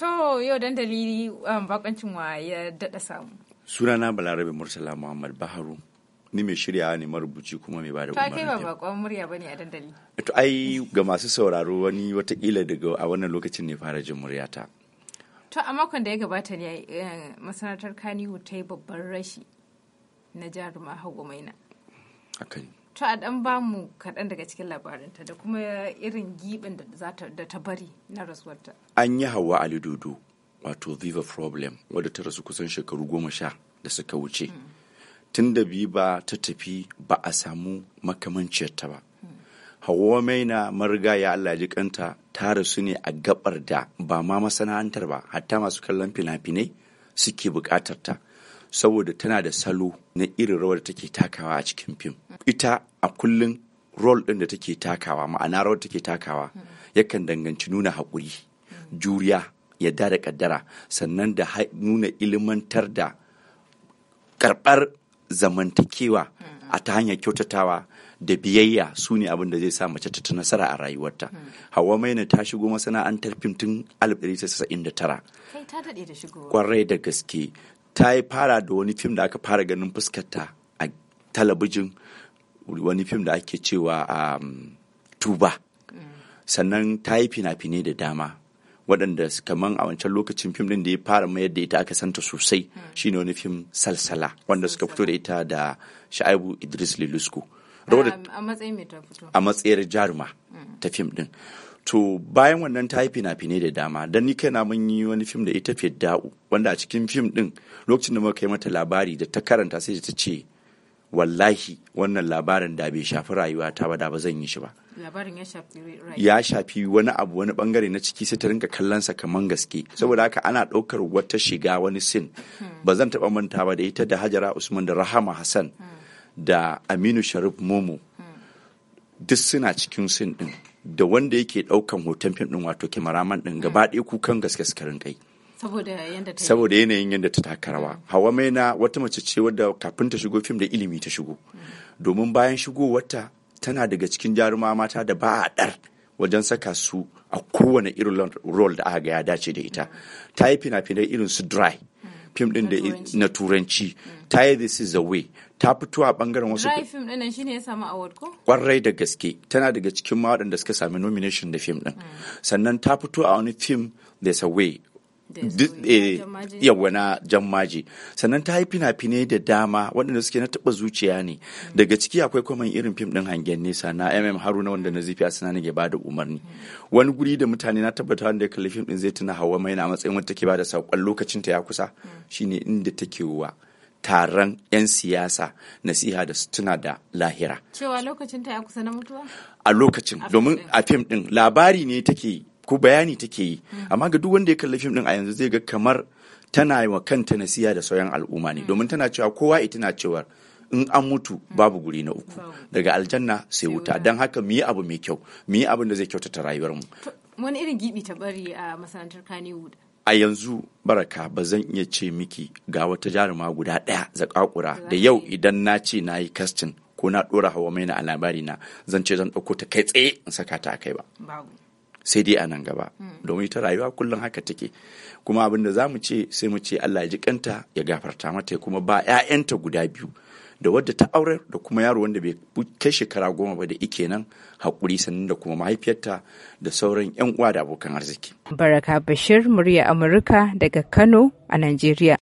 To yau dandali um, bakoncin wa ya daɗa samu. Sunana Balarabe Murtala Muhammad Baharu. Ni mai shirya ne marubuci kuma mai bada umarni. Ta kai ba bakon murya bane a dandali. To ai ga masu sauraro wani watakila daga a wannan lokacin ne fara jin muryata. To a makon da ya gabata ne eh, masana'antar kani ta yi babban rashi na jaruma hagu Maina. Akai. to a dan ba mu kaɗan daga cikin labarinta da kuma irin giɓin da ta bari na rasuwarta an yi hawa ali dodo wato viva problem wadda ta rasu kusan shekaru goma sha da suka wuce mm. tun da biyu ba ta tafi ba a samu makamanciyarta ba hawa maina marga ya Allah ji kanta ta rasu ne a gabar da ba ma masana'antar ba hatta masu kallon fina-finai suke bukatar ta saboda tana da salo na irin rawar da take takawa a cikin fim ita a kullum rol ɗin da take takawa ma'ana rawar da take takawa yakan danganci nuna haƙuri juriya yadda da ƙaddara sannan da nuna ilimantar da karɓar zamantakewa a ta hanyar kyautatawa da biyayya su ne abin da zai sa mace ta nasara a rayuwarta. Hawa Maina ta shigo masana'antar fim tun 1999. Kwarai da gaske ta yi fara da wani fim da aka fara ganin fuskarta a talabijin wani fim da ake cewa a um, tuba sannan ta yi fina-finai da dama waɗanda kamar a wancan lokacin fim ɗin da ya fara mayar da ita aka santa sosai shine wani fim salsala wanda suka fito da ita da sha'abu idris lilusku a matsayin jaruma ta fim ɗin to bayan wannan ta yi fina-finai da dama don ni kaina mun yi wani fim da ita fidda'u wanda a cikin fim din lokacin da muka kai mata labari da ta karanta sai ta ce wallahi wannan labarin da bai shafi rayuwa ta ba da ba zan yi shi ba ya shafi wani abu wani bangare na ciki sai ta rinka kallon sa kaman gaske saboda haka ana ɗaukar wata shiga wani sin hmm. ba zan taɓa manta ba da ita da hajara usman da rahama hassan hmm. da aminu sharif momo hmm. duk suna cikin sin ɗin. da wanda yake daukan hoton fim din wato kyamaraman din gaba ɗaya kukan gaske suka kai saboda yanayin yadda ta taka rawa mm. hawa mai na wata mace ce wadda kafin ta shigo fim da ilimi ta shigo mm. domin bayan shigo wata tana daga cikin jaruma mata da ba a ɗar wajen saka su a kowane irin rol da aka ga ya dace da ita ta yi fina-finai irin su dry fim ɗin da na turanci ta yi this is the way ta fito a bangaren wasu Rai film din ne ya samu award ko kwarai da gaske tana daga cikin ma suka sami nomination da fim ɗin. Hmm. sannan ta fito a wani film there's a way Eh, yawa na jan maji sannan ta yi fina-finai da dama waɗanda suke na taɓa zuciya ne daga ciki akwai kwaman irin fim ɗin hangen nesa na mm haruna wanda na zifi a sinani ba da umarni wani guri da mutane na tabbata wanda ya kalli fim ɗin zai tuna hawa mai na matsayin wata ke ba da saƙon lokacin ta ya kusa shine inda take wa taron 'yan siyasa nasiha da tuna da lahira cewa lokacin ta ya kusa na mutuwa a lokacin domin a fim ɗin labari ne take ko bayani take yi hmm. amma ga duk wanda ya kalli fim din a yanzu zai ga kamar tana yi wa kanta nasiya da sauran al'umma ne hmm. domin tana cewa kowa ita na cewa in an mutu hmm. babu guri na uku daga aljanna sai wuta don haka mu yi abu mai kyau mu yi abin da zai kyautata rayuwarmu wani irin gibi ta bari a masana'antar kanewood a yanzu baraka ba zan iya ce miki ga wata jaruma guda daya zakakura da yau idan na ce na yi kastin ko na ɗora hawa mai na labari na zan ce zan ɗauko ta kai tsaye in saka ta a kai ba sai dai a nan gaba domin ta rayuwa kullum haka take kuma abin da za mu ce sai mu ce Allah ya ji kanta ya gafarta mata kuma ba 'ya'yanta guda biyu da wadda ta aure da kuma yaro wanda bai kai shekara goma ba da ike nan haƙuri sannan da kuma mahaifiyarta da sauran 'yan uwa da abokan arziki. Baraka Bashir, murya Amurka daga Kano a Najeriya.